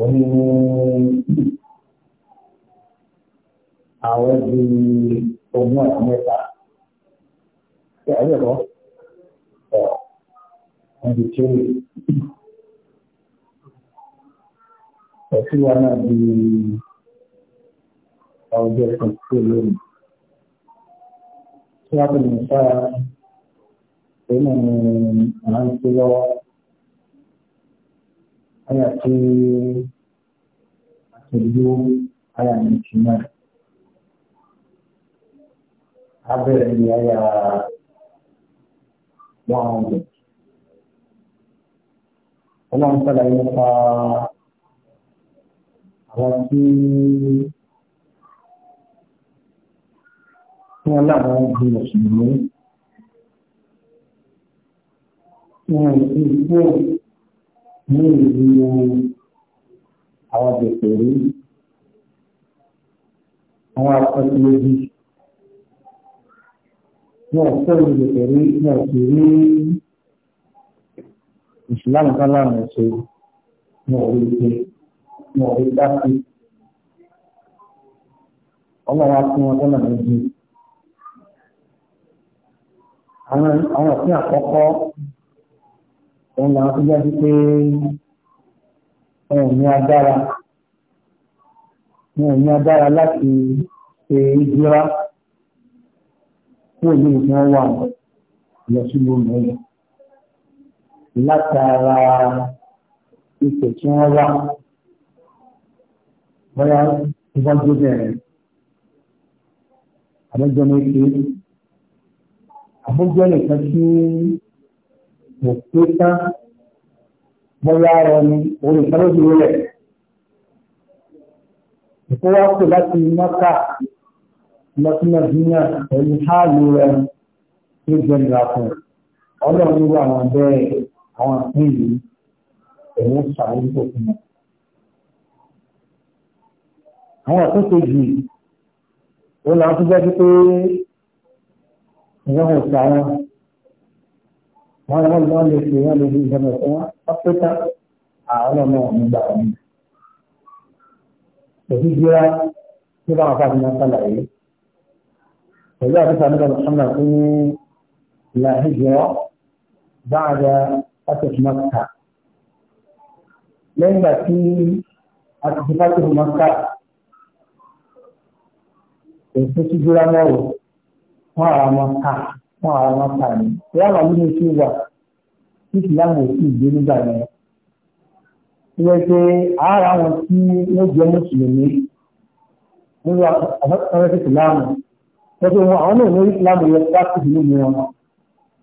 òun ni àwọn di ogún àti mẹ́ta ṣe àyẹ̀kọ́ ẹ̀ wọ́n ti tí ó ẹ̀sí wa náà di ọjọ́ kan tó lónìí tí a kò ní sára èyí náà ni à ń lọ́wọ́ aya tí a ti dúró aya nìkì náà a bẹ̀rẹ̀ ní aya one hundred wọ́n máa ń sàlàyé nípa àwọn tí wọ́n láwọn bí mùsùlùmí wọ́n ti kú ní ìlú àwọn gbèsèrè àwọn akọ́sílẹ́bí náà sọ̀rọ̀ gbèsèrè náà sì rí ìsìláàmù kálánù ṣe náà rí ṣe náà rí dákì ọlọ́wà fún wọn tọ́lá méjì àwọn òfin àkọ́kọ́ òun làwọn tó jẹ́ sí pé wọn ò ní agbára wọn ò ní agbára láti ṣe ìdíra fún ìlú tí wọ́n wà lọ sílùú mẹ́rin látara ipò tí wọ́n wà bóyá ìwọ́jú bẹ̀rẹ̀ àbẹ́jọ́ méje àbújọ́ nìkan tí kò pé tán bóyá rọ ni orí ìtọ́lójú rẹ̀. ìfowópamọ́ láti mọ́kà lọ sí nàìjíríà pẹ̀lú háàlú rẹ̀ tó jẹ́ ìlà fún un ọlọ́run wà wọn bẹ́ẹ̀ àwọn àpín yìí ẹ̀wọ̀n ṣàwùjọ fún wọn. àwọn àtúntò yìí ó làwọn tó jẹ́ pé ìyẹn ò sá wọn wọ́n wọ́n lọ́ọ́ lè ṣe wọ́n lè fi ìjọba ẹ̀kọ́ wọn pápẹ́tà àwọn ọmọ ọ̀hún gbà wọn. Èyí jẹ́ra tí báwọn afá ti máa sálàyé. Pẹ̀lú àtúntà nípa Muhammad tó ní ìlànà jọ báàdà pàtàkì Mọ́kà. Lẹ́yìn ìgbà tí a ti fi pàtàkì Mọ́kà, èyí tó ti fún àwọn Mọ́kà fún àwọn àǹfààní ìyáwó àlú mi ti wà tí ìsìláàmù ò sì gbé nígbà yẹn ìwé pé ara wọn tí wọ́n jẹ́ mùsùlùmí nínú ọ̀rẹ́ ìsìláàmù pẹ̀lú wọn àwọn náà ní ìsìláàmù yẹn pàtàkì nínú wọn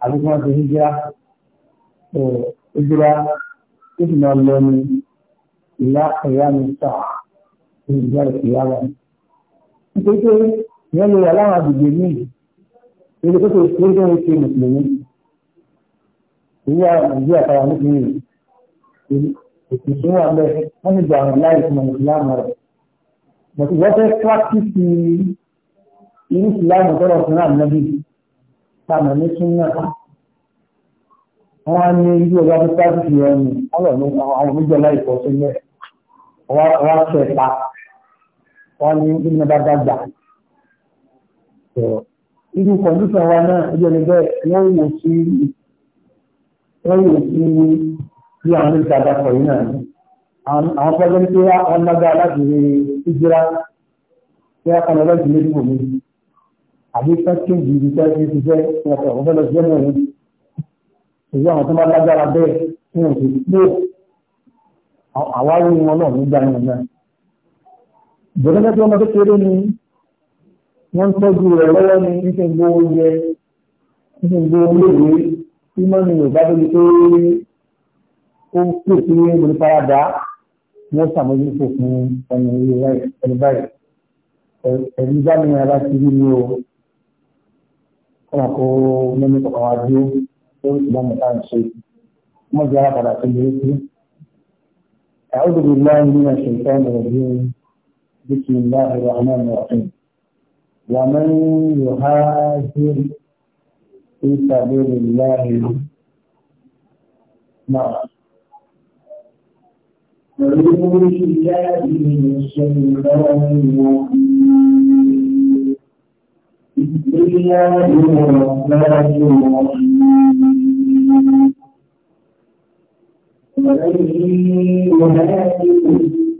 àbí wọn ti hijira hijira tó sì máa lọ ní ìlà ẹ̀yà mi sà ní ìjọ ìyá nítorí pé ìyẹn lè wà láwọn àgbègbè míì níbi tó tó tó ń ṣe mùsùlùmí ìyá nàìjíríà tara nípìnlẹ̀ ìṣúná abẹ wọn ní gbà wọn láì fún ìsìlámù rẹ bọ̀tù wọ́n fẹ́ pàkìsì irú ìsìlámù tọ́lọ̀ fún ànábì tàmà ní súnmọ́ wọn á ní irú ọba tó pàkìsì rẹ ni àwọn oníjọ láì pọ̀ sílẹ̀ wọn á fẹ́ pa wọn ní ìdílé bá dàgbà irú kọ̀ǹdíṣọ̀ wa náà ẹjọ́ ni bẹ́ẹ̀ wọ́n wò sí wọ́n wò sí bí àwọn ìta àdàpọ̀ yìí náà ni àwọn fọ́jọ́ ní pé wọ́n lágbára láti rí ìjìra tí wọ́n kàn lọ́jọ́ méjì wò mí àbí pẹ́kẹ́jì ibi tí wọ́n ti ṣiṣẹ́ ọ̀pọ̀ ọ̀pọ̀ lọ sí ẹ̀mọ̀ yìí èyí àwọn tó bá lágbára bẹ́ẹ̀ tí wọ́n ti pé àwárí wọn náà nígbà yẹn náà ìjọba tó ọmọ kékeré ni wọ́n tọ́jú rẹ̀ lọ́wọ́ ní níṣẹ́ oúnjẹ níṣẹ́ gbogbo olóògbé tí mọ́nì yorùbá tó di pé ó pè sí ìbòrí farada ni ó ṣàmójútó fún ẹni ẹni báyìí ẹni bá mi ara ti rí mi o kọ́nà kó mẹ́mí kọ̀ọ̀kan wá dúró tó ìgbà mọ̀ta ń ṣe mọ́jú ara padà tó lè kú. أعوذ بالله من الشيطان الرجيم بسم الله الرحمن الرحيم ومن يهاجر في سبيل الله نعم ونعوذ بالله من الشيطان الرجيم بسم الله الرحمن الرحيم ومن يهاجر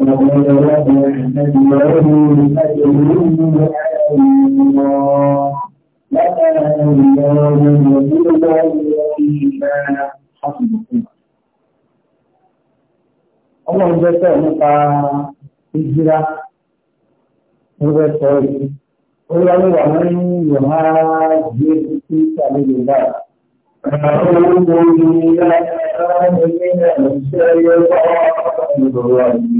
وقال رب الحمد له أجرهم على الله لكان الله وزيرا وكيلا حسبكم Ọlọ́run jẹ́ sọ nípa ìjìra nígbà sọ yìí. Olúwàlúwà wọn ní ìyọ̀má jẹ́ títí tàbí Yorùbá. Àwọn olùkọ́ yìí láti ṣe àwọn ẹgbẹ́ náà ṣe é yọ ọ́ ọ́ ọ́ ìrọ̀rọ̀ yìí.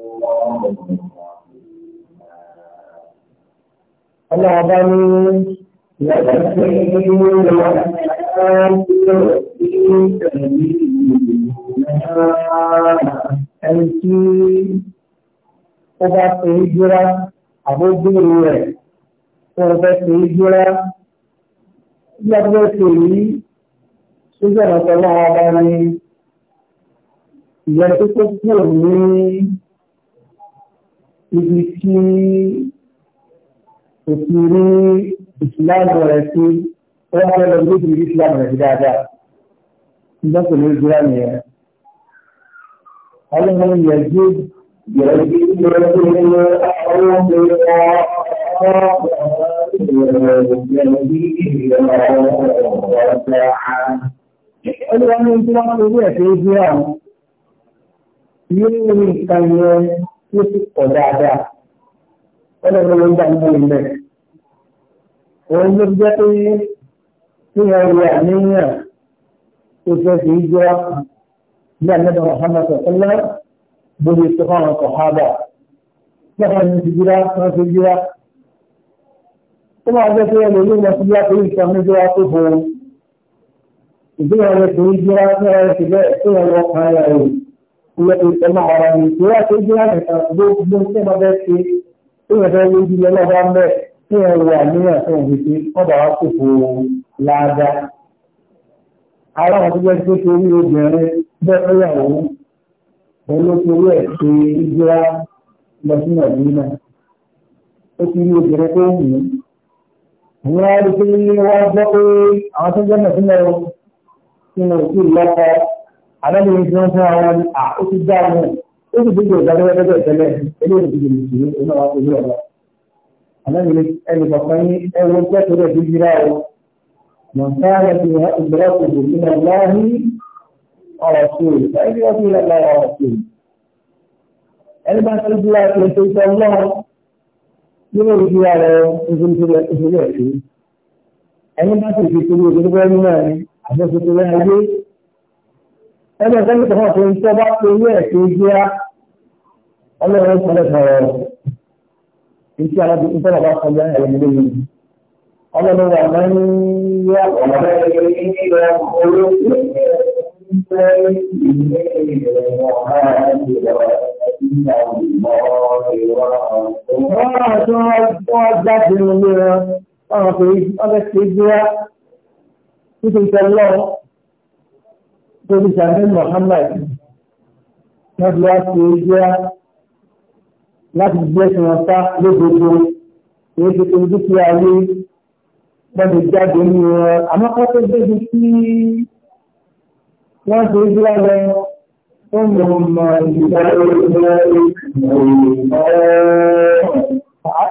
Ọlọ́run bá ní ìyàtọ̀ sí ìlú ìwọ̀n ẹni tí ó bá ṣe é jura àbójúrò rẹ̀ tó ń fẹ́ ṣe é jura bí a fẹ́ ṣe yìí ibi tí òfin rí ìsìláàmù rẹ̀ sí ó yá fẹ́ lọ bí ó ti rí ìsìláàmù rẹ̀ sí dáadáa ìgbọ́n kò ní í dúró àmì ẹ̀. ọlọ́run yẹ jù yẹ̀rọ bí ó lọ sí ilé àwọn ọmọ Olúwa ní ojú wá torí ẹ̀ tó ń gbé àwọn. Yóò rí nǹkan yẹn tí ó sì pọ̀ dáadáa wọ́n lọ́wọ́ ló ń dá nínú ilẹ̀ òun ló jẹ́ pé kí wọ́n rí àníyàn tó fẹ́ fi jẹ́ bí àníyàn Muhammad sọ̀tọ́lá lórí tó fún àwọn sọ̀hábà lọ́wọ́ ní ti jíra wọ́n ti jíra ó máa jẹ́ pé ẹlò ló wọ́n ti jíra torí ìtàn níjọra tó fún un ìgbéyàwó rẹ̀ torí jíra tó rẹ̀ ti bẹ́ẹ̀ tó rẹ̀ wọ́n kan rẹ̀ rẹ̀ ẹnu ọ̀rọ̀ yìí tí wọ́n ti jẹ́ nìkan gbogbo tí wọ́n fẹ́ ṣe tí wọ́n fẹ́ lójú lọ́lọ́ba ń bẹ̀ tí wọ́n wọ àníyàn tó ń gbèsè ọ̀dà wa kò fò láàdá. ara wọn tó jẹ́ tó ṣe orí obìnrin bẹ́ẹ̀ tó yàwó pẹ̀lú torí ẹ̀ ṣe ìjọra lọ sí nàìjíríà. ó ti rí obìnrin tó wù ú. wọ́n á àdájọ́ ní wọ́n fún àwọn à ó ti dá wọn ó sì gbogbo ìdádọ́gbẹ́dọ́gbẹ́ ìtẹ́lẹ̀ eléyìí ti di mùsùlùmí oní àwọn ojú ọ̀rọ̀ àdájọ́ ní ẹnì kọ̀ọ̀kan ní ẹwọ pẹ́tù rẹ̀ ti yíra o mọ̀tàrà ti wá ìgbẹ́rẹ́ kòkò nínú ọlọ́run ọ̀rọ̀ sí o ẹni wọ́n fi lọ́la ọ̀rọ̀ sí o ẹni bá tẹ́lẹ̀ bíi láti ṣe iṣẹ́ ọlọ́run ẹgbẹ́ sẹ́yìn tó fọ́n tó bá pé ilé ẹ̀kọ́ ìgbéra ọlọ́run ìpínlẹ̀ sọ̀rọ̀ ìṣe alábi ìṣẹ́ bàbá kan jẹ́ ẹ̀rọ ilé yìí ọlọ́run wà máa ń yá ọ̀rẹ́ ìgbéra olóògbé Ọ̀rọ̀ tó wọ́n jáde nílé wọn, wọ́n fẹ́ ṣe gbéra nítorí tẹ́lẹ̀ lọ́wọ́ torí sàmì Muhammad wọ́n fi wá ṣe jẹ́ láti gbé sí wọn sá lódodo èyí ti fi dúkìá rí gbọ́dọ̀ jáde ní wọn àmọ́ kọ́ tó débi tí wọ́n ṣe jẹ́ lọ ó mọ̀ mọ̀ ìgbàlódé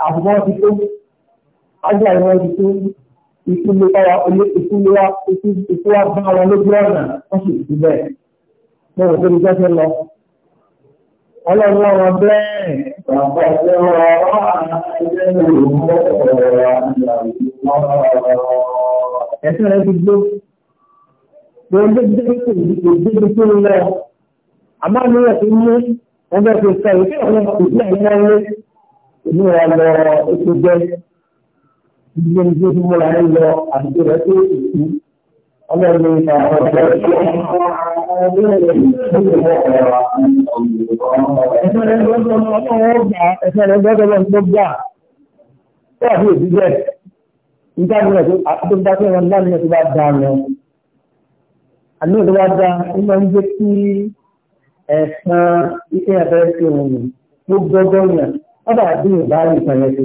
àbúkọ́ ti tó ájá ìwọ́n ti tó ìpínlẹ̀ ọwà olé ìpínlẹ̀ ìpínlẹ̀ bá wọn lójú ọ̀nà wọ́n sì ti bẹ́ẹ̀. Mo rò pé ní jẹ́ lọ. Ọlọ́run àwọn bẹ́ẹ̀. Bàbá ìjọ ọ̀rọ̀ àjẹ́ ìlú ẹ̀sìn rẹ̀ ti gbó. Gbogbo gbogbo gbogbo gbogbo tó ń lọ. Àmọ́ mi rẹ̀ ti mú wọn bẹ́ẹ̀ ti sọ ìfẹ́ ọ̀rọ̀ ìdílé ìlú ọ̀lẹ́ ìlú ọ̀lọ́ ìtúgbẹ́ ilé ní tó múra ń lọ àdúgbò rẹ̀ tó ìsú ọlọ́run ní àwọn ọ̀rẹ́ tó ń bọ̀ ọ̀rẹ́ rẹ̀ tó ń bọ̀ ẹ̀fẹ́ rẹ̀ gbọ́dọ̀ ọgbà ẹ̀fẹ́ rẹ̀ gbọ́dọ̀ ọgbà tó àbí òbí bẹ́ẹ̀ nígbà mìíràn tó àtúntà tó wọn láàrin tó bá dá lọ àní tó bá dá ó máa ń jẹ́ kí ẹ̀sán ṣe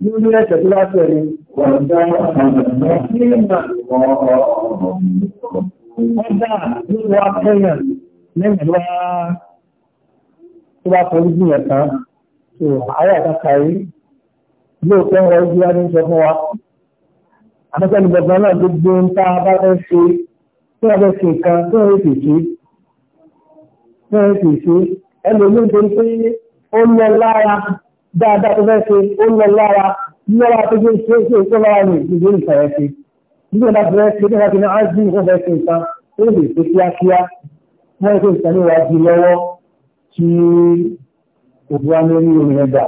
nínú ẹ̀ṣẹ̀ tó bá fẹ́ ni ọ̀dá ló wá fẹ́yàn lẹ́yìn wá tó bá fẹ́ ojú ẹ̀kan tó ààrẹ àtàkàrí yóò fẹ́ ọ̀rọ̀ ojú wá ní sọ fún wa àmọ́sẹ́ni gbọ̀gbọ̀n náà gbogbo ń tá a bá fẹ́ ṣe tí wọ́n fẹ́ ṣe kan tí wọ́n fẹ́ ṣe tí wọ́n fẹ́ ṣe ẹlòmíì tó ń pé ó lọ lára dáadáa tó fẹ́ ṣe ó lọ lára lọ́wọ́ tó gbé ṣe é ṣe tó lára ní ìdílé ìfẹ́ ṣe nígbà tó fẹ́ ṣe nígbà tó ní ájú ìfẹ́ fẹ́ ṣe nǹkan ó lè ṣe kíákíá wọ́n ṣe nǹkan ní wájú lọ́wọ́ kí òbí wa ní orí omi ẹgbà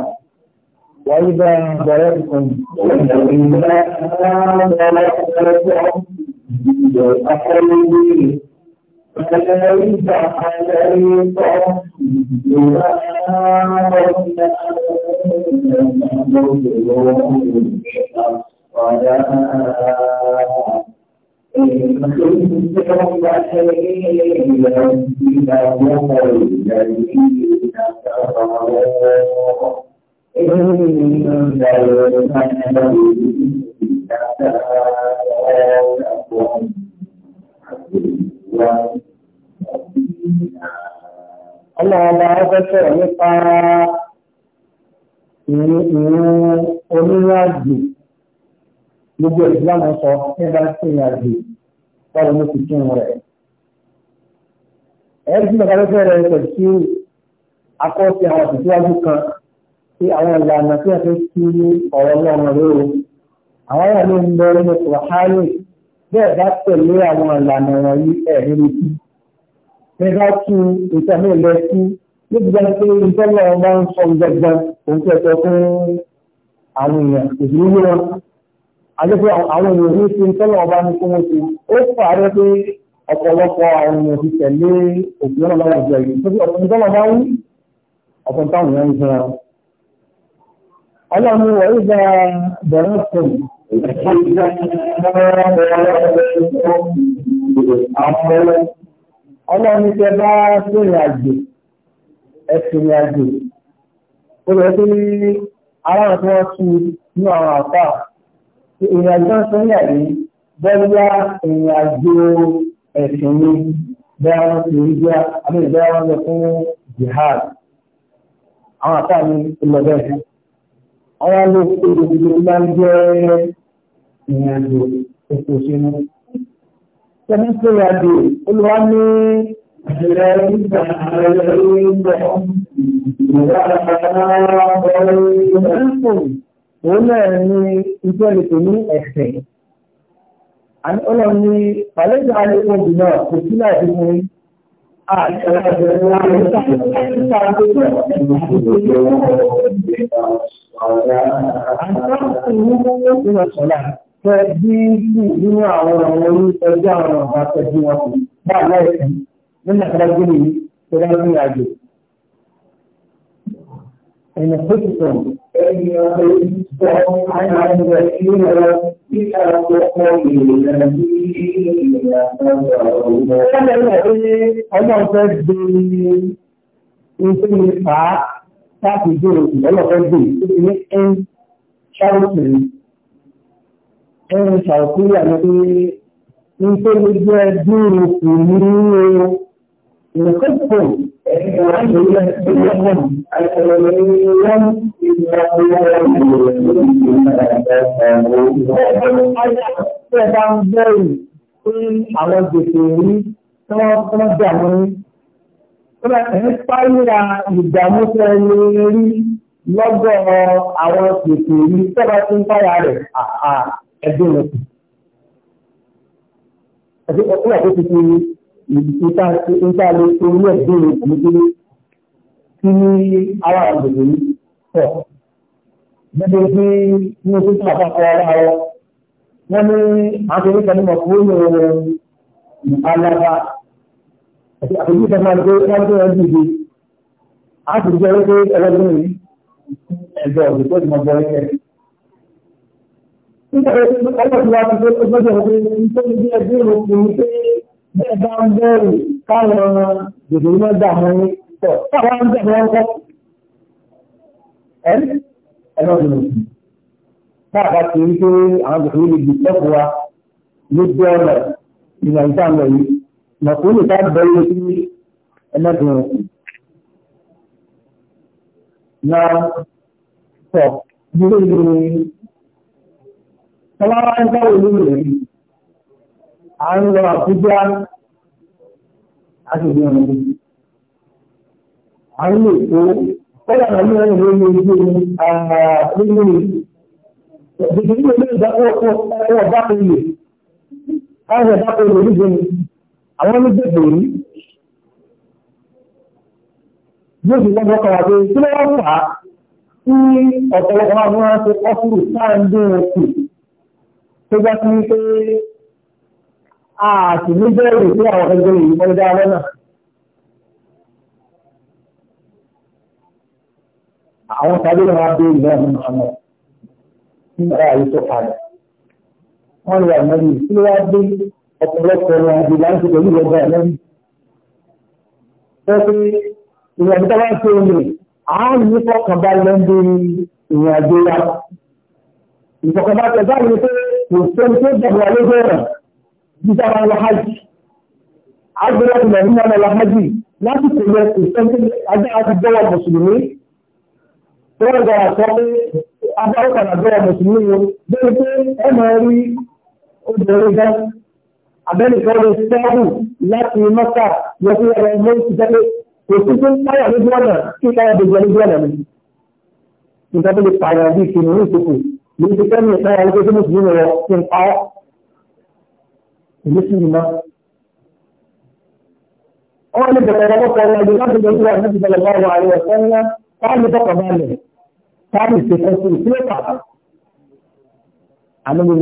wáyé bá bọ̀rẹ́ kan. Ìgbà tó ń bá ọmọ ọmọ ọmọ ọmọ فليس عليكم جناح أن ولا إن خفتم عيلا بهم الذين كفروا إن المسلمين لا يكون ọlọ́ọ̀bá ọgbẹ́ sọ̀rọ̀ nípa ìrún onírìnàjò gbogbo ìsìlámù sọ nígbà tí ìrìn àjò báwo ló fi kún rẹ̀. ẹ̀rí tí bàbá lọ́sẹ̀ rẹ̀ pẹ̀lú sí akọ́sí àwọn ìtìsíwájú kan sí àwọn ìlànà tí a fi kí ọ̀rọ̀ náà rẹ̀ o. àwọn ìlànà ń bẹ̀rẹ̀ ní kùrọ̀hálì bẹ́ẹ̀ bá tẹ̀lé àwọn ìlànà wọ̀nyí ẹ̀ nínú kí bẹ́ẹ̀ bá tú nǹkan mi lọ sí níbi bá pé ìtọ́lọ̀ máa ń sọ gbọgbọn òun tó ẹ̀tọ́ fún àwọn èèyàn ìdílé wọn àdéhùn àwọn èèyàn ní fi ìtọ́lọ̀ ọba ní kí wọ́n ti ó fàárẹ̀ pé ọ̀pọ̀lọpọ̀ àwọn èèyàn ti tẹ̀lé òkú náà láwọn ìjọ yìí tóbi ọ̀pọ̀ ìtọ́lọ̀ bá wí ọ̀pọ̀ táwọn èèyàn ń jẹun ọlọ́run wọ̀ Ọlọ́run tẹ bá sóyìn àjò, ẹ̀sìn àjò. Ó bẹ̀rẹ̀ tó ní àwọn ọ̀tọ́ sí ní àwọn àpá. Ìrìn àjò ń sóyìn àjò bọ́lá ìrìn àjò ẹ̀sìn ní bẹ́ẹ̀ wọ́n ti rí bíá, àbí ìbẹ́ẹ̀ wọ́n lọ fún jihad. Àwọn àpá mi ìlọ̀bẹ̀. Àwọn alóòkú ìdòdó máa ń jẹ́ ìrìn àjò ètò ìṣẹ́nu. Sẹ́ni tó rà dé, olúwa ní ìṣẹ̀lẹ̀ nígbà ààrẹ ìgbà òun náà ní ìjọ ìpè ní ẹ̀sẹ̀. Ọlọ́run ní Fàlẹ́jà Alẹ́kọ̀ọ́ Bìnà kò sí láti mú Àṣẹ́rẹ́ fẹ́ bí nínú àwọn àwọn oníṣẹ́jọ́ àwọn ọ̀gá tẹ̀sí wọn kù bá láìsí nínú àkàdájú mi tó bá ní àjò. Ẹ̀nà tó ti sọ̀rọ̀. Ẹni ọ̀rẹ́ sọ àwọn ẹgbẹ́ tí ó lọ sí àkókò ìlànà ní ìlànà ọ̀rọ̀. Ṣé ẹ̀rọ pé ọlọ́run fẹ́ gbé iṣẹ́ mi fà á láti dúró ìlọ́lọ́fẹ́ gbé ìṣẹ́ mi ń ṣáwó kiri ẹ̀rùn ṣàkúyà ní pé ní tó lè jẹ́ dúró kù ní ìrìnkọ́pọ̀ Ẹ̀bá ń bẹ̀rù pé àwọn gbèsè rí tí wọ́n fún dàmú rí. Ẹ pàíra ìdàmú tẹ́ lè rí lọ́gbọ̀ àwọn gbèsè rí tọ́bá tí ń pàyà rẹ̀ àà ẹgbẹ́ rẹ̀ kù. Àti ọ̀pọ̀ àti ti fi ìta ìta lè orí ẹgbẹ́ rẹ̀ kù nítorí kí ní ara àgbègbè yìí pọ̀. Gbẹ́gbẹ́ tí ní oṣù tí màá fọ ara wọn. Wọ́n ní àtẹ̀lé kan ní mọ̀ fún ìrìn alára àti àtẹ̀lé kan máa gbé wọ́n tó ẹgbẹ́ ìdí. A sì jẹ́ wípé ẹlẹ́gbẹ́ yìí ẹgbẹ́ ọ̀gbẹ́ tó ti mọ̀ bọ́ ẹgbẹ́ nígbà tó ọwọ́ tí wàá ti fẹ́ tó gbọ́dọ̀ pé nítorí bí ẹbí rò pé pé bẹ́ẹ̀ bá ń bẹ̀rù káwọn dèdè náà dà wọn ní tọ̀ káwọn ń bẹ̀rù wọn kọ́. ẹ ẹ lọ́dún lọ́dún náà bá ti rí pé àwọn dèdè lè di Tọ́lára ń dáwò lórí rẹ̀ rí. À ń lọ Àbújá, a sì ní ọmọdé. À ń lè tó, tọ́lá àwọn ọmọ ẹ̀rọ lórí ojú omi nínú ìdíjú ní ilé ìdáwọ́ ọwọ́ dákò ilé. Káwọn dákò ilé orí gbẹ̀mí. Àwọn ọmọ gbẹ̀gbẹ̀ rí. Yóò sì lọ́gbọ́ kọ̀wà pé kí lọ́wọ́ fà á tó já sí pé àti ní bẹ́ẹ̀rù sí àwọn ẹgbẹ́ yìí wọ́n dá lọ́nà. Àwọn tàbí wọn á béèrè náà nínú ọmọ nígbà ayé tó padà. Wọ́n lè àmọ́ yìí kí ló wá dé ọ̀pọ̀lọpọ̀ wọn àti láti pẹ̀lú ìjọba ẹ̀lẹ́yìn. Ṣé pé ìrìn àjò táwọn ṣe ń rìn, àárín ní fọkànbalẹ̀ ń bí ìrìn àjò wa. Ìfọkànbalẹ̀ báyìí pé kò sẹ́ni tó dàgbà lójú ọ̀rọ̀ bí sára lọ hajj agbèrè ọ̀tún lẹ́yìn náà lọ hajj lásìkò yẹ kò sẹ́ni tó agbára ti dọ́wọ́ mùsùlùmí tó wọ́n gbà sọ pé agbára kan dọ́wọ́ mùsùlùmí o bẹ́ẹ̀ pé ẹ máa rí obìnrin gan abẹ́nìkan lè sẹ́wù láti mo ti fẹ́ mi ìpáyà wípé tí mùsùlùmí rẹ̀ ti ń pa ọ́ èmi sì ń mọ́. wọ́n ní bẹ̀rẹ̀ ọmọ kan ọmọdé láti lọ sí àwọn ìdílé ọmọ àwọn àríwá sẹ́yìn táàmì tọkọ̀ balẹ̀ táàmì ìṣèkọ́ sí ìṣúlé pàtó. àmì mi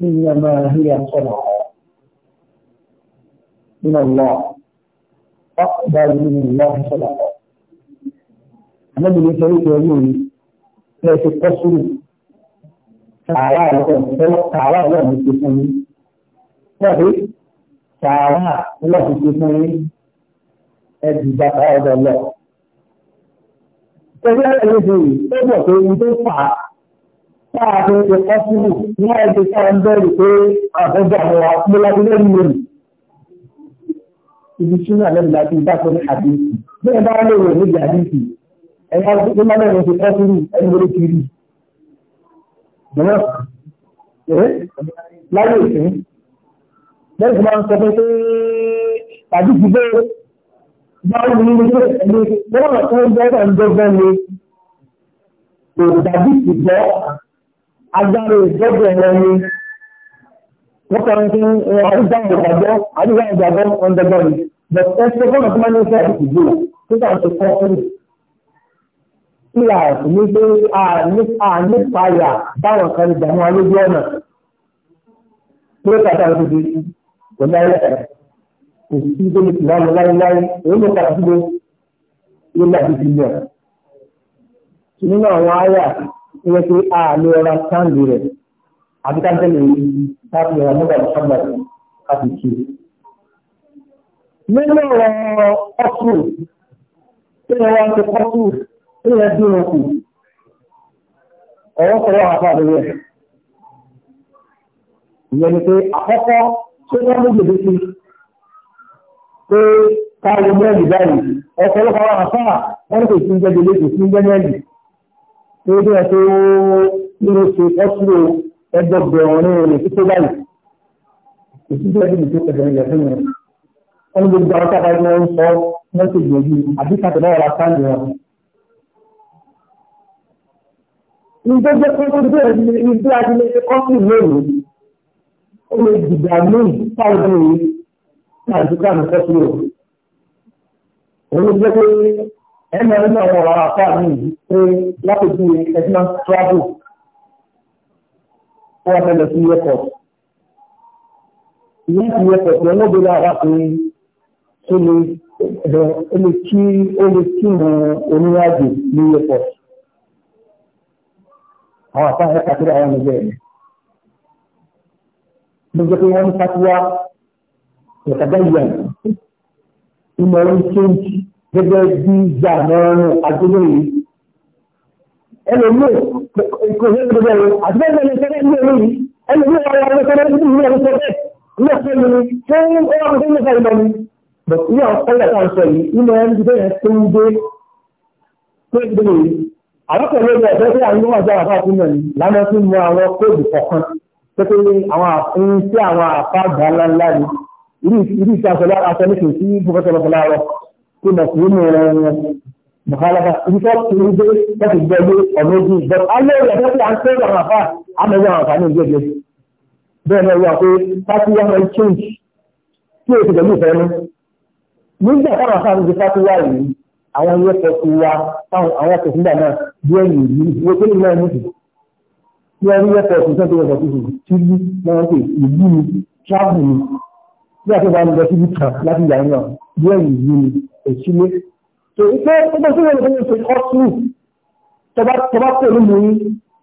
ní ìyá máa rí àkọlọ̀ nínú ọ̀nà ọ̀pọ̀ nínú ìlú ọ̀hún sọ̀rọ̀. àmì mi ní sọ tààrà ọlọ́run tààrà ọlọ́run ti fún yín. Pẹ̀lú tààrà ọlọ́run ti fún yín ẹ̀dì bàtà ọ̀dọ̀ lọ. Pẹ̀lú ẹ̀rọ ìṣe yìí, ó bọ̀ pé ohun tó fà á táà tó ṣe pọ́sibù ní ẹ̀dì táà ń bẹ̀rù pé àbẹ̀bẹ̀ àwọn amúlábí lórí lónìí. Ibi tí náà lẹ́nu láti bá tó jọ̀wọ́ ẹ̀ eh, láyé ìsìn bẹ́ẹ̀ sì máa ń sọ pé pé tàbí ti bẹ́ẹ̀ bá ń wù ní pé ẹni lọ́wọ́ tó ń bọ́ ẹ̀ ń dọ́gbọ́n ni kò tàbí ti bọ́ agbára ìjọba ẹ̀rọ ni wọ́n kàn ń ọ̀dà ìgbàgbọ́ àdúgbò ìgbàgbọ́ ọ̀dọ́gbọ́n ni bẹ̀ẹ̀ ẹ̀ fọ́nà tó máa ń ṣe àdìgbò tó tà ń ṣe fọ́nà tí a ní pé a ní payà báwọn kan ní ìdààmú alójú ọ̀nà tí ó kàtà ló di kò láyé ẹ̀ kò sí tó lè tìlá lọ láéláé èyí ló kàtà sí ló ló láti fi lọ. nínú àwọn àyà tí wọ́n ti a lè ra sáǹdì rẹ̀ àbí ká tẹ̀lé láti ra nígbà tó sábà láti ṣe. nínú ọ̀rọ̀ ọ̀sùn tí wọ́n wá ń ṣe ó yẹ bí wọn kù ọwọ́ sọ̀rọ̀ àpá àdúgbò ẹ̀. ìyẹn ni pé àkọ́kọ́ tó bá mú gbèdé sí pé káàlù mẹ́rin báyìí ọ̀pọ̀lọpọ̀ àwọn àpá wọn kò sí ń jẹ́ gbèdé kò sí ń jẹ́ mẹ́rin tó bẹ́ẹ̀ tó nínú ṣe ọ́sùrò ẹgbẹ̀gbẹ̀rún ní olè títí báyìí kò sí bẹ́ẹ̀ níbi tó kẹsàn-án ilẹ̀ fún wọn. wọ́n ní gbogbo àwọn tábà ní wọ́n ń sọ mọ́tò gbòógì àbí kàtàkùn náà wà Nígbà jẹ́ pé ó bẹ̀rẹ̀ ní ibi adìmẹ́sẹ̀ kọ́sì lónìí, ó lè dìgbà míì táwọn èyí láti ká ní kọ́sì lónìí. Òun jẹ́ pé ẹ̀mọ ẹ̀mọ àwọn ọ̀rọ̀ àpá mi yìí pé lápẹ̀jú ẹ̀sìnà travel wọ́n á fẹ́lẹ̀ sí airport. Ìyá ti airport yẹn ló gbé lára pé ó lè kí ó lè kí ìrìn oníwájú ní airport àwọn àpá àwọn kàkiri àwọn ẹgbẹ́ ẹ̀ mo jẹ́ pé wọ́n ń fatuwa ìkàdá ìyá ìmọ̀ràn kéńtì gẹ́gẹ́ bí ìjà mọ́rán agbélé yìí ẹlòmíì kò ní ìgbẹ́gbẹ́ rẹ̀ àti bẹ́ẹ̀ bẹ́ẹ̀ lẹ́sẹ̀ ní ẹ̀rọ yìí ẹlòmíì ọ̀rọ̀ ọ̀rọ̀ lẹ́sẹ̀ ní ìlú ẹ̀rọ sọ bẹ́ẹ̀ ní ọ̀sẹ̀ mi ṣé ó wà fún ìlú ẹ̀rọ lọ ni but ní ọ̀sẹ̀ lẹ́sẹ̀ sọ yìí ìmọ̀ ẹni tó yẹ àlọ́pẹ̀lẹ́ ilé ẹ̀fẹ́ tí àwọn ọmọdé àbá fún mọ̀ lánàá tún mọ àwọn kóòdù kọ̀ọ̀kan tó pé àwọn àfihàn sí àwọn àfáàgbà ńláńlá ni irú ìṣe àṣọlá àṣọlẹ́kùn sí pọfẹ́sọ̀ lọ́fọlá rọ tó mọ̀ sí mọ̀ ẹ̀rọ wọn mọ̀kálàfà ìṣọ́ tó ń gbé láti gbẹ́ lé ọ̀nà ojú but alẹ́ ìyàtọ̀ tí à ń pè àwọn àfà àmọ́wé àwọn àfà ní ìgbẹ́ bẹ́ẹ̀ bẹ́ẹ̀ náà wà pé pátí wá máa ń change tí èsì pẹ̀lú ìfẹ́ nu nígbà táwọn àfà ń gbé pátí wá yìí àwọn ilé ẹ̀kọ́ wa táwọn àwọn ẹ̀kọ́ sígbà náà bí ẹ̀yìn ìlú ìwé tó lè náà ní ìlú tí wọ́n rí ẹ̀kọ́ ọ̀sùn tó wọ́n sọ̀tún tí ìlú náà pè ìlú ni travel ni bí àti bá ń lọ síbi kan láti ìyá náà bí ẹ̀yìn ìlú ni èsílé. tó ìfẹ́ tó bá sílẹ̀ ló ń ṣe ọ́sùn tọ́ba pè ní mi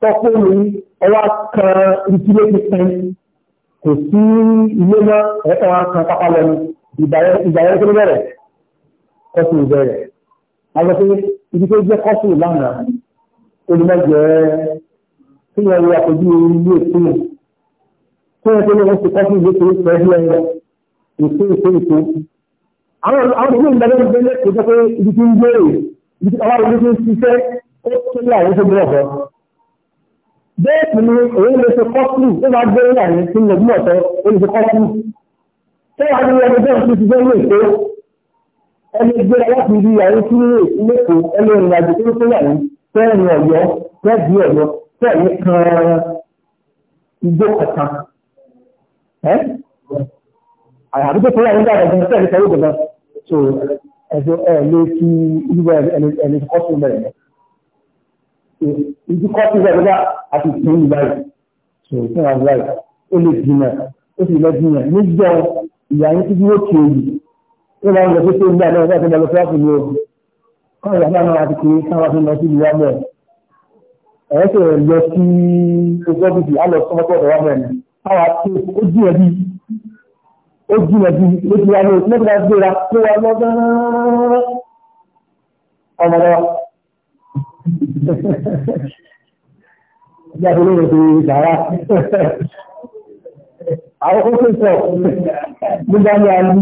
tọ́pọ̀ mi ọwọ́ kan ìdílé ti pẹ́ kò sí ilé náà ẹ̀kọ́ kan pápá lọ ni ìgbà yẹn tó bẹ̀rẹ̀ kọ́sùn ìbẹ̀rẹ̀ àwọn pé ibi tó jẹ́ kọ́sù lánàá olùmọ̀jẹ́ kí wọ́n wọ àpèjú ilé ètò yẹn kí wọ́n tó lè wọ́n ti kọ́sù ilé ètò yẹn pẹ̀lú ẹ̀yọ ètò ètò ètò. àwọn àwọn ìlú ìgbàlẹ́ ìgbàlẹ́ kò jẹ́ pé ibi tí ń gbèrè ibi tí àwọn ìlú ti ń ṣiṣẹ́ ó tó lé àwọn ìṣègùn ọ̀fọ́. bẹ́ẹ̀ sì ni èyí lè ṣe kọ́sù ó máa gbé ìyàrin sí ilẹ̀ ìgbìmọ̀ ẹni gbéra láti rí àwọn tí ó lẹ́kọ̀ọ́ ẹni ìrìn àjò tó tó wà ní fẹ́ẹ̀ni ọ̀yọ́ fẹ́ẹ̀dì ọ̀yọ́ fẹ́ẹ̀ni kan igbó kankan. àbí tó tó wà nígbà gbọ̀ngàn fẹ́ẹ̀ni kan gbọ̀ngàn so ẹ̀sọ́ ẹ̀ lé sí ìlú ẹni kọ́ sí ìbẹ̀rẹ̀ rẹ̀. ìdí kọ́ sí ìbẹ̀rẹ̀ rẹ̀ àti ìpín ìbáyìí so fún àwọn ìbáyìí ó lè jìnnà ó sì lọ jìnnà níjọ ìyá yín tí yóò kéèyì tó bá ń lọ sókè ńgbà náà wọ́n ti lọ sọ́ọ̀kù ní o kọ́ ìyá náà wọ́n ti kiri káwọn fi lọ sí ìlú ọmọ ẹ̀ ẹ̀ ṣe lọ sí ọgọ́bìtì alọ sọ́kọ̀ ọ̀dọ̀ ọmọ ẹ̀ káwa tó ó jìnà bí ó jìnà bí ó ti wá ní oṣù mẹ́ta gbéra tó wá lọ gángan ọmọ lọ. Ìjà ìlú òde ìgbàrá. Àwọn kókó sọ nígbà ní àlù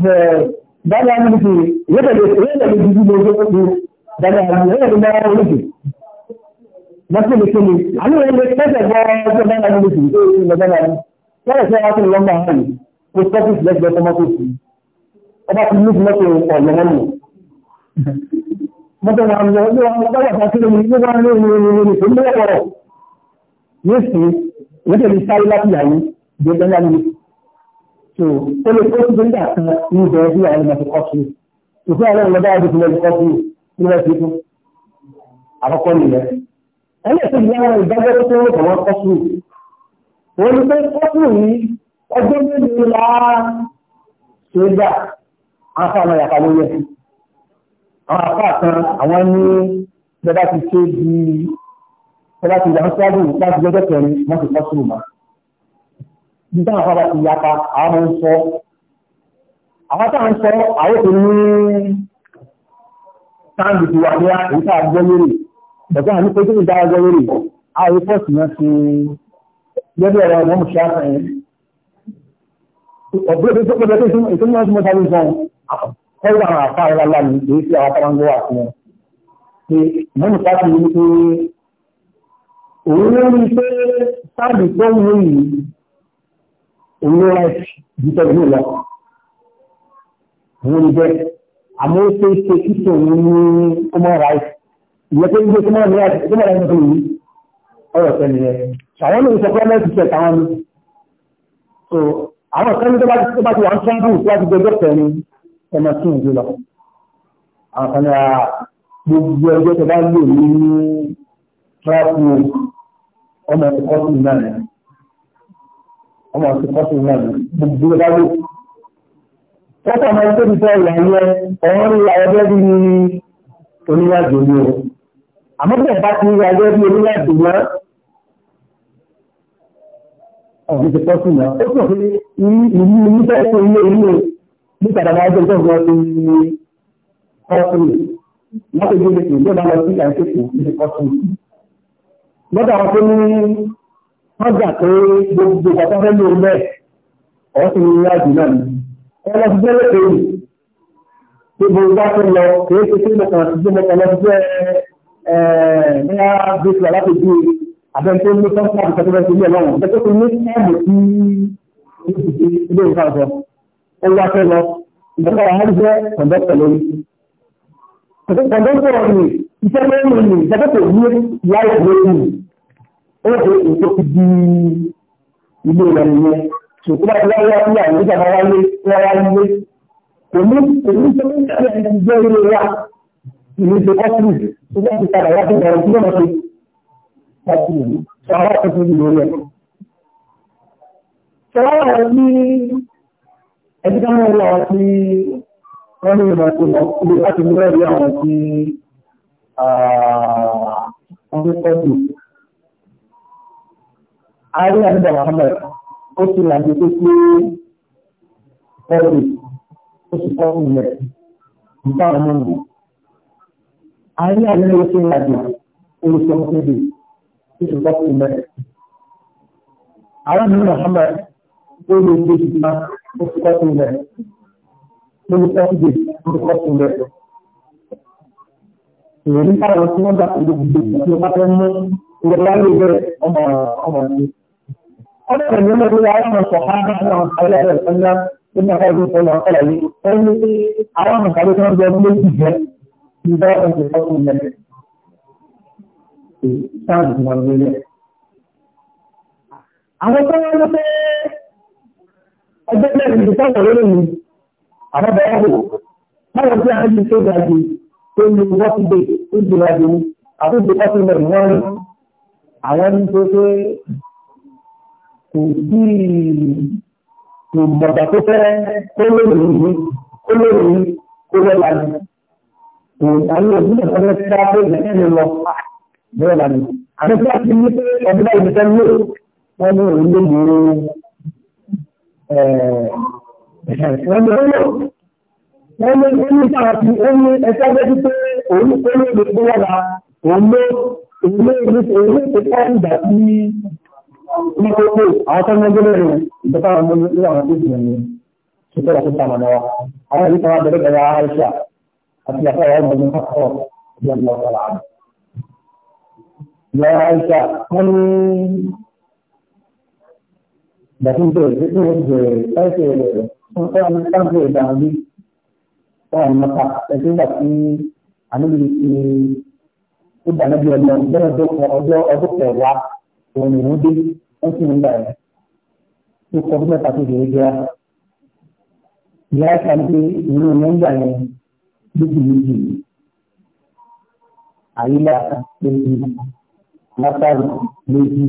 dada ya nufi yadda da yadda da jiji ne ya kudu daga yadda da mara nufi na kuma kuma an yi wani kasa ga yadda mara nufi ko yi na gana ne kada sai aka yi wannan hali ko tafi da ga kuma ko su ba ku nufi na ko wannan hali mata an da wani wani kada ka kira mun ga ne ne ne ne kun da ko yesu yadda misali lafiya ne da gana ne tó ó lè kó tó nígbà kan ní ìbẹ̀rẹ̀ bí àwọn ọmọ ti kọ́ sí i òfin àwọn ọmọ bá wàá dùkúlẹ̀ kọ́ sí i nígbà tí ó àkọ́kọ́ nìyẹn. ẹlẹ́sìn ní àwọn ìdájọ́ tó ń kọ̀ wọ́n kọ́ sí i wọ́n ní pé kọ́ sí i ọjọ́ ti ṣe di láti jẹ́jọ́ kẹrin wọ́n ti kọ́ sí i nígbà àwọn bá ti yapa àwọn ń sọ àwọn tá à ń sọ àwọn kò ní táàbì ti wà ní èyí tá à gbọ́ lórí bẹ̀tẹ̀ àní pé kíni dára gbọ́ lórí àwọn ikọ̀ sì náà ti gbẹ́bí ọ̀rọ̀ ọ̀rọ̀ mú ṣáà ẹ̀ ọ̀bùrẹ́ tó pẹ̀lú òmìnira ìjítọ́ ìlú lọ. Àwọn olùgbẹ́, àmọ́ ó ṣe é ṣe kíkọ̀ ní human rights. Ìyẹn tó ń gbé human rights human rights tó yìí ọ̀rọ̀ tẹ́lẹ̀ yẹn. Àwọn olùsọ pẹ́lẹ́ ti tẹ̀ táwọn ní. So àwọn kan tó bá ti wà ń tọ́jú tó bá ti gbẹjọ́ tẹ̀lé ah, ọmọ ẹ̀kọ́ sí ọmọ ti kọ́sù náà gbogbo dáwó. Wọ́n máa ń tóbi fẹ́ ìlà yẹ ọ̀rọ̀ rí ọjọ́ bí ní oníwájú ní o. Àmọ́ bí ẹ̀bá ti rí ọjọ́ bí oníwájú náà, ọ̀rọ̀ ti kọ́sù náà. Ó sọ pé ìlú ní fẹ́ fún ilé ilé ní kàdàmà ọjọ́ ìjọ ìjọ ti kọ́sù rẹ̀. Wọ́n ti gbé gbèsè ìjọba lọ sí àìsèkù ti kọ́sù. Lọ́dọ̀ àwọn tó ní wọ́n gbà pé gbogbo ọ̀pọ̀ fẹ́ lórí mẹ́ ọ̀sìn ní ìrìnàjò náà ni ọlọ́ ti jẹ́ lẹ́pẹ́ yìí tí gbogbo bá tó lọ kìí ṣe pé mọ̀kàn ti jẹ́ mọ̀kàn lọ sí jẹ́ ẹ̀ẹ́dẹ́gbẹ́ bíṣọ̀ láti bí abẹ́ntẹ́ ní sọ́ńtà àti sọ́ńtà ìlú ọlọ́run bẹ́ẹ̀ tó ní ẹ̀mù tí ilé ìfà sọ ó wá fẹ́ lọ ìgbàgbọ́ àwọn jẹ́ kọ̀ǹdọ́tọ̀ lórí kọ̀ǹdọ́tọ̀ ni iṣẹ́ lórí ni ìjẹ́kẹ́kọ̀ọ́ ní láì lórí ó ṣe ètò ti di ilé rẹ̀ nìyẹn ṣùgbọ́n bá wá sí àwọn ìjọba máa wáyé wọ́n wá nílé kò ní kò ní tó ń ṣe ẹni jẹ́ ilé wa ìlú ṣe kọ́sìlì ṣùgbọ́n ti padà wá sí ọ̀rọ̀ tí wọ́n ṣe kọ́sìlì yìí ṣe àwọn akọ́sí ìlú rẹ̀. ṣọwọ́ rẹ̀ ní ẹbí kan náà lọ sí wọ́n ní ìmọ̀ ìpinnu ilé láti mú ẹ̀rí àwọn tí wọ́n ń kọ́sìlì ayé àdúgbò Muhammad ó ti là ní pípé ẹ̀rì ó sì kọ́ ilẹ̀ nígbà ọmọ mi. ayé àdúgbò ó ti là ní olùsọ níbi ó sì kọ́ ilẹ̀. àwọn ènìyàn Muhammad ó lè gbé ìgbà ó sì kọ́ ilẹ̀ olùsọ níbi ó sì kọ́ ilẹ̀. èyí ní tí wọ́n bá ìlú tí wọ́n bá fẹ́ mú ìrọ̀lá ló bẹ̀rẹ̀ ọmọ ọmọ mi. ọmọ mi ló bẹ̀rẹ̀ àwọn ọmọ sọ̀kà àwọn ọ̀rẹ́ rẹ̀ sọ́nà tó náà ọdún tó lọ ọ̀rẹ́ yìí. ó ní àwọn ọmọ kan tó ń bẹ ní méjì jẹ́ ìgbà ọ̀sẹ̀ ọ̀sẹ̀ ìlẹ̀. sáàdì ti máa ń lélẹ̀. àwọn tó wọ́n ló pé ẹgbẹ́ bẹ́ẹ̀ àwọn ní tó pé kò sí kò mọ̀gbà tó fẹ́ kó lóòrùn ní kó lóòrùn ní kó lọ́la ní kò àwọn òbí náà fẹ́ fẹ́ dá pé ìrìn ní lọ lọ́la ní. àti tí a ti ní pé ọdún bá ìbí sẹ́nu wọ́n ní òun ló mú wọ́n ní ọlọ́ kó lóòrùn ní kó lọ́la ilé ilé ìpínlẹ̀ ìgbà tí ní gbogbo àwọn tó ń gbé lórí ìjọba àwọn ọmọ ilé àwọn tó jìnnà ní ṣùgbọ́n àti ìta àmàlà wa àwọn ìlú kan wá bẹ̀rẹ̀ bẹ̀rẹ̀ àìsà àti àfẹ́ àwọn ọmọ ìlú kọ̀ọ̀ ìjọba ìlú ọ̀sán àmì. ìyá àìsà wọ́n ní ìgbàtí ń bẹ̀rẹ̀ tí wọ́n bẹ̀rẹ̀ láìsẹ̀ rẹ̀ fún ọ̀rọ̀ àwọn sáńpù ìdàgbé wọn àmì mọ́ta ẹ̀sìn ìgbà tí àníbi tó dà níbi ọ̀nà bẹ́ẹ̀ dọ́kọ̀ ọjọ́ ọdún kẹwàá òun ìlú dé wọ́n sì ń gbà ẹ̀ tó kọ́ fún mẹ́ta tó dèrè jẹ́ ìyá ẹ̀ka ní pé ìlú ìyẹn ń gbà yẹn méjì méjì àyílá méjì látàrí méjì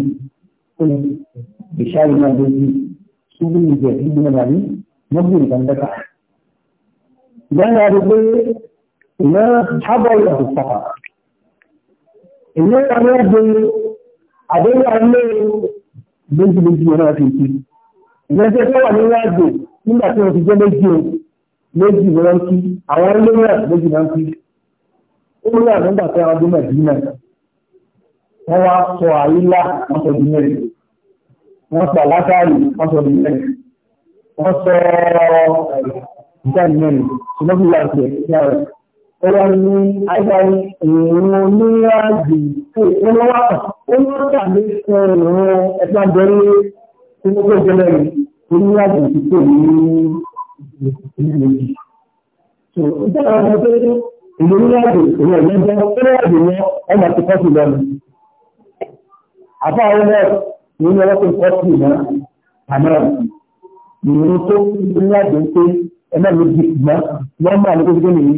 ìṣáyé náà méjì ṣùgbọ́n ìjẹ́ ìlú náà ní mọ́bí nǹkan dẹ́ka. Ìgbà yẹn a pé ìyẹn sábà ìyàwó sábà èyí àwọn obìnrin àdéhùn alẹ́ méjìméjì wọn náà fi ti ìrẹsẹ̀ tó wà nínú àgbò nígbà tí wọ́n ti jẹ́ méjì o méjì wọn kí àwọn olóyè méjì wọn kí olóyè àgbà tó wà nínú àdínà wọ́n wá sọ àyílá wọ́n sọ ọwọ́ ní agbárí ìrìn oníyàjì olówà olóòtà lè sọ ìrìn ẹgbà bẹ̀rẹ̀ tí ó kó jẹ́ lẹ́yìn oníyàjì ìpò ní ìlèjì. ìjọba o pé ìlú oníyàjì ìrìn ẹ̀lẹ́jẹ́ oníyàjì ní ọmọ ti kọ́ sí lọ́nà. àbá ọmọ ní ní ọwọ́ tó kọ́ sí ìmọ̀ àmọ́ ìrìn tó oníyàjì ń pé ẹ̀mọ́ mi di ìgbà lọ́mọ àlejò nìyí.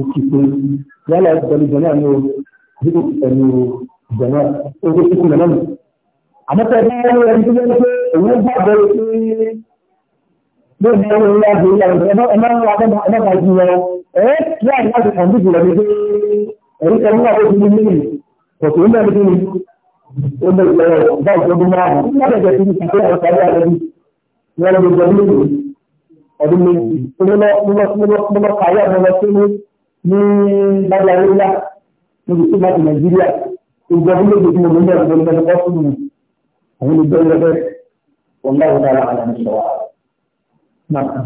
òkìpé yálà pẹ̀lú jẹ̀nà ní o dípò pẹ̀lú jẹ̀nà owó kíkún náà nù. àmọ́tẹ́ bí wọ́n rẹ̀ ń dúró pé òun gbà bẹ̀rẹ̀ pé bí wọ́n rẹ̀ ń lágbo ilé àwọn ọ̀dọ́ ẹ̀ máa ń wá bẹ́ẹ̀ ẹ̀ máa ju wọn ẹ̀ kí àyè láti kàn bí jùlọ nígbè ẹ̀rí kan wà lójú ní mílì kòtò ń bẹ̀rẹ̀ nínú ó lè lọ bá ìjọba máa hàn ní àgbẹ̀jẹ̀ tí kìí ṣe àwọn sáré àgbẹ̀bí wọ́n lè jọ nílò ọdún méjì tó lọ́ káyọ̀ lọ́wọ́ tó ní ní lágbàlélá níbi tí máa ti nàìjíríà ìjọ abúlé tí mo lè lọ ìgbẹ́ lọ́dọ̀ kọ́sùn mi àwọn olùgbé lọ́dọ̀ wọn bá wọn dára àwọn àmì sọ̀rọ̀ náà.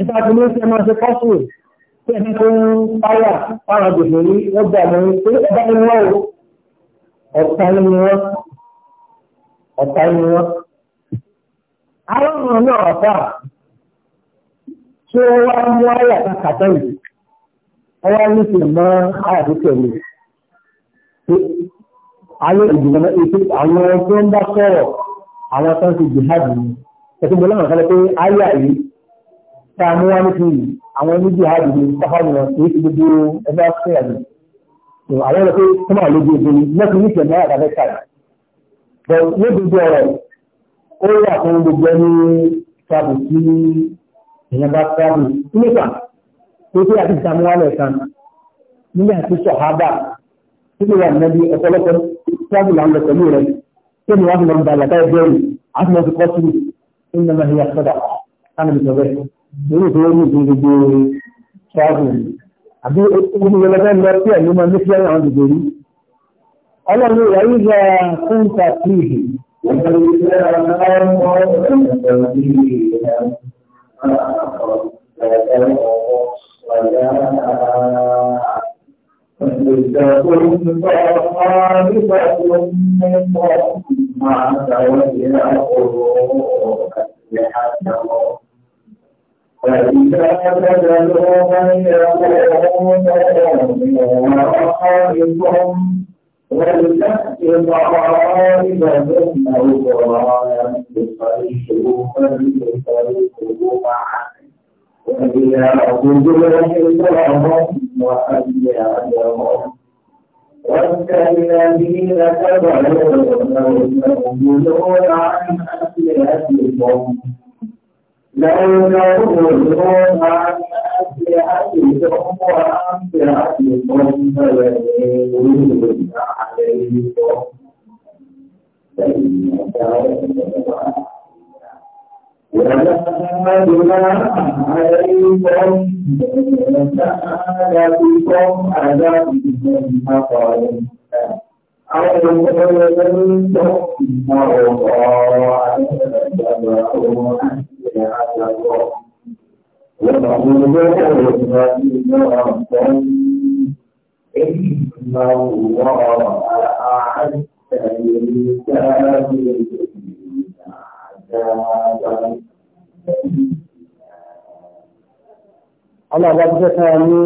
Ìfàtí ló ń ṣe máa ṣe kọ́sùn tẹ́ni tó ń páyà fáwọn gbèsè rí wọ́n gbà mọ́ pé ọba ni wọ́n o ọ̀tá ni wọ́n ọ̀tá ni wọ́n. Aráàlú náà ọ̀tá tí ó wá mú àyà kan kàtọ́ yìí, ọwọ́ nífẹ̀ẹ́ mọ́ àyàtúntò mi. ìgbìmọ̀ ètò àwọn tó ń bá sọ̀rọ̀ àwọn tó ń ti jihad ni. Ẹ̀sìn bọ́lá àwọn kan lọ pé àyà yìí tá a mú wá yìí àwọn ẹni jihad ni sáfàmì wọn kì í fi gbogbo ẹgbẹ́ ọ̀sẹ̀ ẹ̀mí àwọn ẹni pé sọ́mà lójú ìbòmí lẹ́kùn ní ìṣẹ̀lẹ̀ náírà tàbí ṣáà bọ̀ ní gbogbo ọ̀rọ̀ ó wà fún gbogbo ẹni sábò sí ìyẹn bá sábò nípa tó tó àti ìsàmú wà lẹ́ẹ̀kan nígbà tí sọ̀hábà tí kò wà nẹ́bí ọ̀pọ̀lọpọ̀ sábò là ń lọ pẹ̀lú rẹ̀ tó ni wọ́n fi lọ ń balẹ̀ káyọ̀ bẹ́ẹ̀ lórí ìfowó ní ìpín gbogbo ṣáàbù àbí ogun ìrọ̀lẹ́fẹ́ lọ sí ẹ̀mí máa ní fílẹ̀ àwọn dìbò ọlọ́run ìwà yìí gba fún tàkìlì Thank you. فإذا بدلوا من يقولون وراءهم ولتأت طائفتهم أخرى ليستخفوا فليفرقوا معك وليأخذوا حذرهم وأيادهم ود الذين كفروا لو تغفلون عن أسلحتكم لو تقولون عن أسلحتكم وأمتعتكم فيقولون عليكم ولا جناح عليكم سألتكم أدم من مطر أو كنتم مرضى أن تبعون Ọlọ́gbọ́n jẹ́ káà ní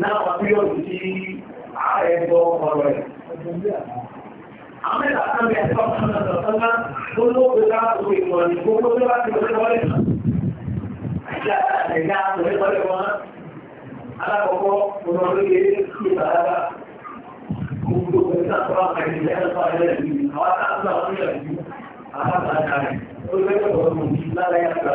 láwọn pílọ̀tù tí ààrẹ gbọ́ ọ̀rọ̀ ẹ̀. Amẹ́ta sáàmì ẹ̀sọ́ ọ̀nà ọ̀sánlá tó lóògbé láàpù ìmọ̀ ní gbogbo tó bá ti lọ lọ́lẹ̀ náà. Àìjá àtẹ̀gá lọ́lẹ̀ lọ́lẹ̀ wọn. Alákọ̀ọ́kọ́ mo lọ lóye sí ìbàdàbà. Gbogbo pẹ̀lú àtọ́wà pẹ̀lú ìjẹ́ ẹ̀sọ́ ẹ̀rẹ́ ìlú. Àwọn àtàkùn àwọn ìlú àtàkùn àtàkùn. Ó lọ́wọ́ ọ̀rọ̀ mọ̀ lálẹ́ àgbà.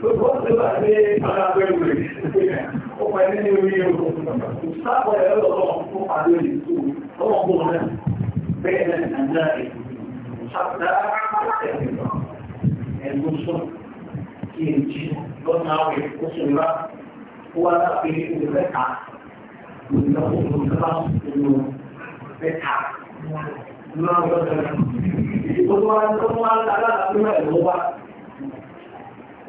بين الأبناء حتى المسلم في الجن والنار يتصل ولا في الركعة وإنه من خلاص إنه ركعة ما هو ذلك؟ يقولون أن الله تعالى أبناء الغبار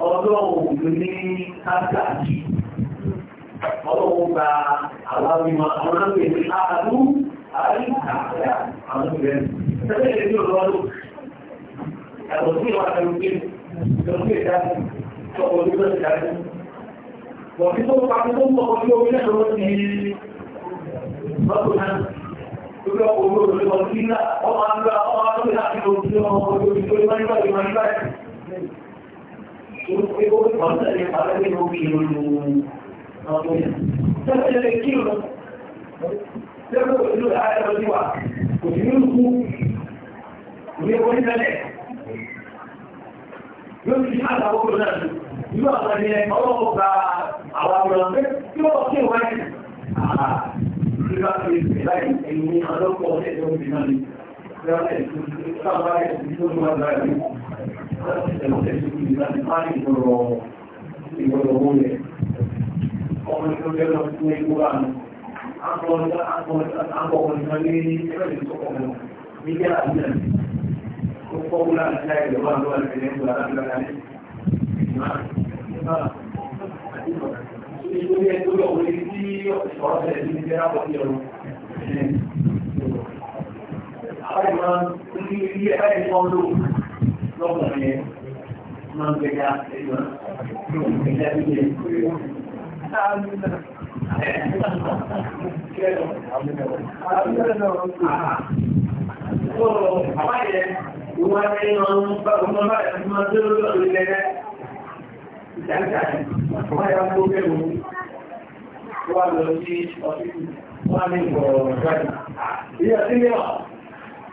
ọlọ́run ní kákàkì ọlọ́run gba àwárímọ̀ àwọn ọlọ́pẹ̀ ní àádú àríkàkà àwọn ìrẹ́ tẹ́lẹ̀ ní ọlọ́run ẹ̀rọ̀ sí ìwà ẹ̀rùgbé lọ́pẹ̀ ìdájú tọ́pọ̀ lórí ìdájú wọ̀n tí tó pàtó tó ń tọ́pọ̀ sí orí ẹ̀rọ ti mọ́tò náà Ìjọ́ òwúrò lọ́wọ́ sí náà, ọmọ àgbà ọmọ àgbà àti òṣèrè ọmọ orí orí orí wáyé wáyé wáyé. Porque o quanto ele fala que não viu no apoio. Então ele tem que ir. Então eu vou lá e vou dizer, o filho do cu, o meu olho da neve. Yóò fi máa tàbí ọkùnrin náà yóò àwọn ẹni ẹ̀kọ́ lọ́wọ́ gba àwọn ọmọ ọ̀gbẹ́ tí wọ́n kí wọ́n ẹ̀ àà tí wọ́n fi ìgbàláyé ẹ̀yìn ọlọ́pọ̀ ọ̀sẹ̀ tó ń bí náà ní. Yọ́n ẹ̀ tó ń bá ẹ̀ tó ń bá ẹ̀ Àwọn ìmọ̀ ní ilé ẹ̀kọ́ lóòrùn lọ́kùnrin yẹn máa ń gbẹ̀gà ẹ̀yọ́ ìgbẹ̀gà ìgbẹ̀ Àwọn àbáyẹ ìwọ ẹni ọmọ bá ọmọ bá ẹni máa tó lórí ọ̀rọ̀ ilẹ̀ rẹ̀. Ìjàǹkà ẹ̀ wọ́n yá tó bẹ̀rù wọ́n lọ sí ọdún wọ́n ní ìwọ̀n ọ̀rọ̀ ìjọba. Ìyá sílẹ̀ ọ̀.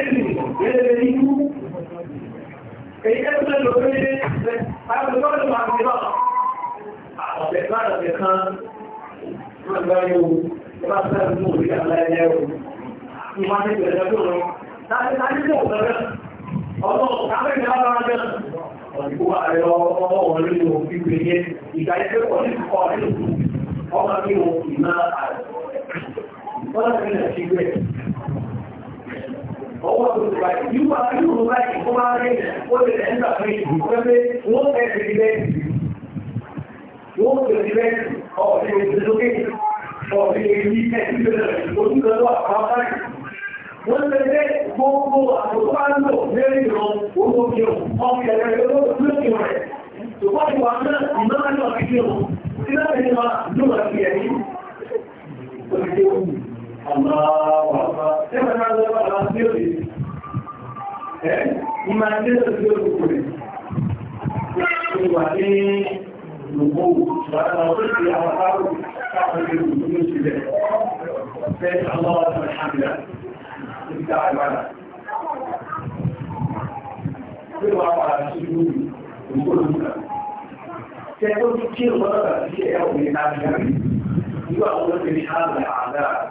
علم يدريه كي أبدا لبيت هذا الوقت مع القراءة الإقرار الإخان لا يوم لا تنمو لا يوم ما تقدر تقول لا تقدر تقول ọlọ́run tábẹ́ ní ara rẹ̀ ọ̀dìkúwà rẹ̀ ọlọ́run lórí ohun pípé yẹ ìdájẹ́ pọ̀ ní kọ́ ní ọmọ bí ohun ìná àrẹ̀ ọwọ́ òṣèlú báyìí yíwá yíwá báyìí kó máa rí ó lè lẹ́ nígbà fún ìlú pẹ́pẹ́ wọ́n fẹ́ fi lẹ́ wọ́n fẹ́ fi lẹ́ ọ̀sẹ̀ ìdílókè ọ̀sẹ̀ èyí ẹ̀sìnkẹ́ ojúkẹ́ lọ àpapọ̀ wọ́n lè lẹ́ gbogbo àtòkọ́lọ́ lẹ́rìn lọ owó kí o ọkẹ́ rẹ̀ lókè rẹ̀ ṣùgbọ́n ìwà náà ìmọ̀ náà fi kí o sílẹ̀ nípa lóòrè ẹ̀yìn òṣèlú الله أكبر كيف هذا بقى أخيري إيه وما عندنا تفسير الكل وبعدين نقول وأنا وصلت لأفكار تعمل بالمسلمين في ذلك فإن الله لك الحمد لله استعان معنا في الواقع على السجود وكل مسلم سيكون كثير ضرر في أول ما يجري يؤول بهذا العذاب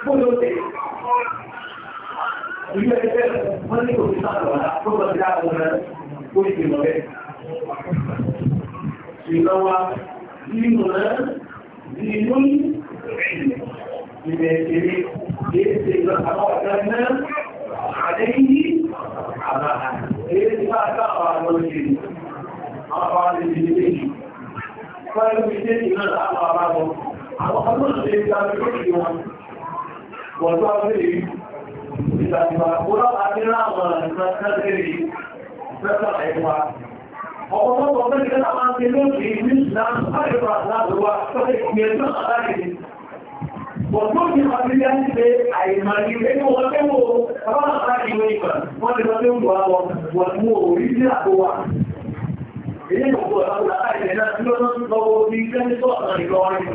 gbọ́dọ̀ àwọn ọmọ ti bá ká àwọn àwọn ìṣeré wọ́n tó ń rí ìgbàgbà kúrọ́ àti láwọn ìrìnàṣẹ́lẹ̀ ìfẹ́sàn ẹ̀kọ́ náà máa ń fi tó lè gbé ẹjọ́ àtàkìdì wọ́n tó ní àbílẹ̀ àti àìmàlì ẹni wọ́n tẹ́wọ́ ọ̀pọ̀lọpọ̀ wọ́n lè lọ sí ìwà wọn wọ́n mú orí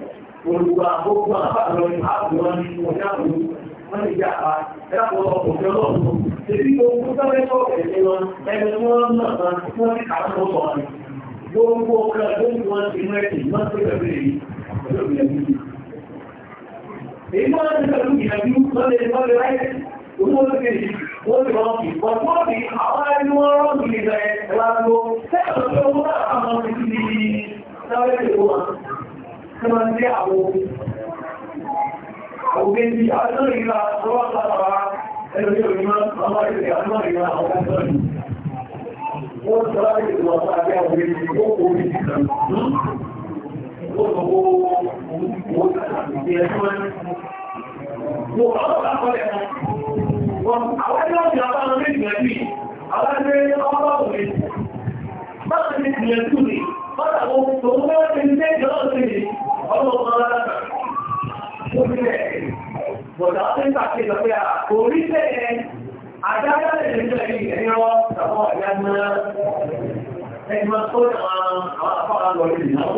olùgbà gbogbo àpapọ̀ ìpàdùn wọn ni wọ́n wọ́n lè jà pa ẹ̀dàpọ̀ òfin ọlọ́run tèbí gbogbo sọ́wẹ́tọ̀ ẹ̀sẹ̀ wọn ẹni wọ́n náà wọ́n ti kàwọn sọ ni gbogbo ọkọ̀ lórí wọn ti mẹ́tì wọ́n ti bẹ̀rẹ̀ yìí èyí tí wọ́n dé àwọn ògbèdì àjọ́rìnlá ọwọ́ látara ẹlòmí òmìnà ọlọ́rìnlá àjọ́rìnlá àwọn ọ̀gbẹ̀rẹ̀ wọ́n tọ́lá ìdìbò ọ̀pá àbẹ́ ògbèdì ó kò rí ìdìbò ó sọ ó ó ti ẹ̀ṣọ́ ẹ̀ mo ọlọ́pàá kọlẹ̀ wọn àwọn ẹgbẹ́ ọ̀sìn àbáwọn méjì bákan ní ìpìlẹ̀ tù ní bákan ó tó ń bá ti ní ẹjọ́ sí ní ọmọ ọmọ alága tó fi rẹ̀ bọ̀dá ó ti ń pàṣẹ ìjọ pé à kò rí bẹ́ẹ̀ àdáyà lè ní ìjọ yìí ẹ̀yìn ọwọ́ tàbọ̀ ẹ̀yà náà ẹ̀yìn máa tó àwọn afọ́ àlọ́ ìlú náà